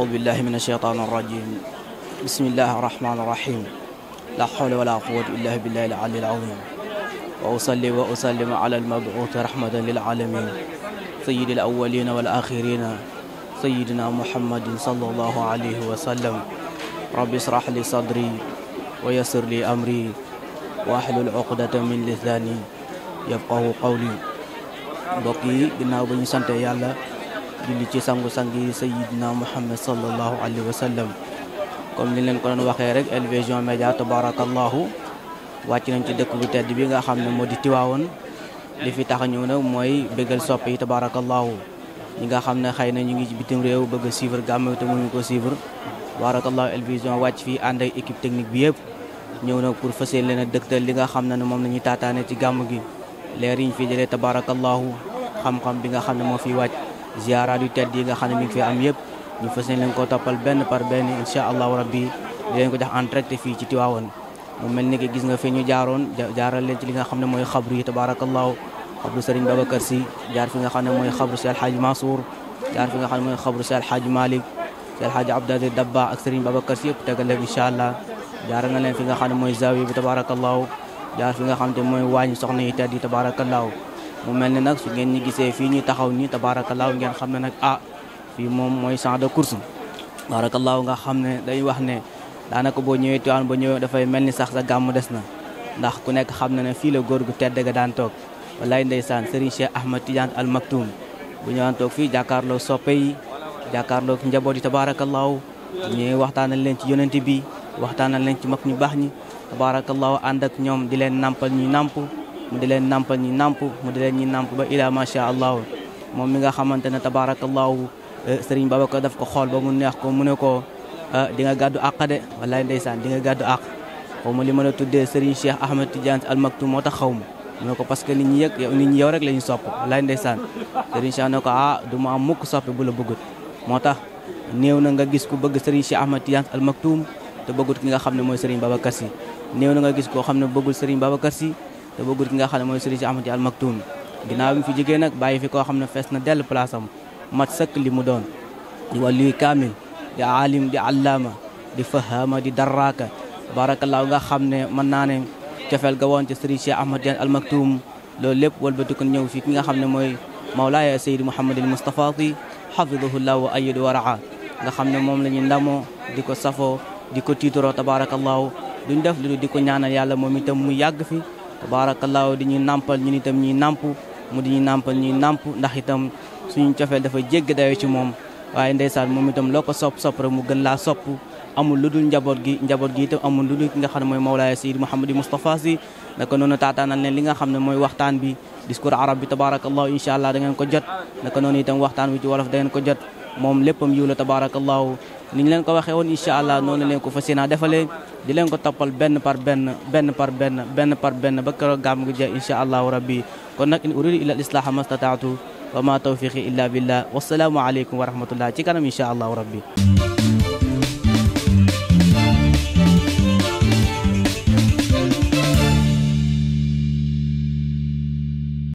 أعوذ بالله من الشيطان الرجيم بسم الله الرحمن الرحيم لا حول ولا قوة إلا بالله العلي العظيم وأصلي وأسلم على المبعوث رحمة للعالمين سيد الأولين والآخرين سيدنا محمد صلى الله عليه وسلم رب اشرح لي صدري ويسر لي أمري واحلل عقدة من لساني يفقه قولي بقي بنا بني ba ñu julli ci sangu-sang yi sayidina muhammad sallallahu alayhi wa sallam comme li leen ko doon waxee rek El Vision Média tabarakallahu wàcc ci dëkk bu tedd bi nga xam ne moo di tiwaawoon li fi tax a ñëw nag mooy bëggal sopp yi tabarakallahu ñi nga xam ne xëy na ñu ngi ci bitim réew ba a suivre gàmmu te mënuñu ko suivre tabarakallahu El Vision wàcc ànd ak équipe technique bi yëpp ñëw nag pour fësee leen a dëktal li nga xam ne moom la ñuy taataane ci gàmm gi leer yi ñu fi bi nga xam ne moo ziaraat yu tedd yi nga xam ne mi ngi fi am yëpp ñu fas yéene leen ko toppal benn par benn incha allahu rabbi di leen ko jox en direct fii ci Tiwaawoon mu mel ni ki gis nga fi ñu jaaroon jaaral leen ci li nga xam ne mooy xabru yi tabarakallahu xabru Serigne Babacar Sy jaar fi nga xam ne mooy xabru si Alxaaji Mansour jaar fi nga xam ne mooy xabru si Alxaaji Malick si Alxaaji Abdou Dabba ak Serigne Babacar Sy yëpp tegal leen incha allah jaaral na leen fi nga xam ne mooy zawiya bi tabarakallahu jaar fi nga xam ne mooy waañ soxna yi tedd yi tabarakallahu mu mel ni nag su ngeen ñu gisee fii ñu taxaw nii tabaarakallaahu ngeen xam ne nag ah fii moom mooy champ de course nga xam ne dañuy wax ne daanaka boo ñëwee Tiwaawan ba ñëwee dafay mel ni sax sa gàmm des na ndax ku nekk xam na ne fii la góor gu tedd ga daan toog wallaay ndeysaan Serigne Cheikh Ahmad Tidiane Al Maktoum bu ñëwaan toog fii jàkkaarloo soppe yi jàkkaarloo njaboot yi tabaarakallaahu ñuy waxtaanal leen ci yonent bi waxtaanal leen ci mag ñu baax ñi tabaarakallaahu ànd ak mu di leen nampu ñi namp mu di leen ba ila macha allah moom mi nga xamante ne tabarakallahu eh, sëriñ babaka daf ko xool ba mu neex ko mu ne eh, ko di nga gàddu àq de wallaay ndeysaan di nga gàddu àq xaw ma li mën a tuddee sëriñ cheikh ahmed tidiane al maktum moo tax xaw ma mu ne ko parce que nit ñi yëg ya, ya, nit ñi yow rek la sopp wallaay ndeysaan sëriñ cheikh ne ko ah am mukk soppi bu la bëggut na nga gis ku bëgg cheikh ahmed tidiane al te bëggut ki nga babakar si na nga gis bëggul babakar si te bëggul ki nga xam ne mooy Serigne Ahmad Al Maktoum ginnaaw bi mu fi jigéen nag fi koo xam ne fees na dell place mat sëkk li mu doon di wàlluy kaamil di aalim di allaama di fahaama di darraaka barakallaahu nga xam ne man naa ne cofeel ga woon ca Serigne Cheikh Ahmad Al Maktoum loolu lépp walbatu ko ñëw fi ki nga xam ne mooy Mawlaaya Seydi Mouhamadul Moustapha Sy xafidahullahu wa ayyadu wa raa nga xam ne moom la ñuy ndamoo di ko safoo di ko tiitaroo tabarakallaahu duñ def lu di ko ñaanal yàlla mu yàgg fi tabarakallahu di ñuy nampal ñun itam ñuy namp mu di ñuy nampal ñuy namp ndax itam suñu cofeel dafa jégg dayo ci moom waaye ndeysaan mom, itam loo ko sopp sopp rek mu gën laa sopp amul lu dul njaboot gi njaboot gi itam amul lu ki nga li nga waxtaan bi discours arab bi tabarakallahu insha allah da ngeen ko jot naka noonu itam waxtaan ci wolof da ngeen ko jot moom léppam yiw la tabaarakallaahu ni ñu leen ko waxee woon incha allah noonu leen ko fas yéenaa defalee di leen ko toppal benn par benn benn par benn benn par benn ba keroog gàmm gi jeex incha allahu rabbi kon nag in uridu illa al islaaha mastataatu wa ma tawfiqi illa billah wasalaamu aleykum wa rahmatullah ci kanam incha allahu rabbi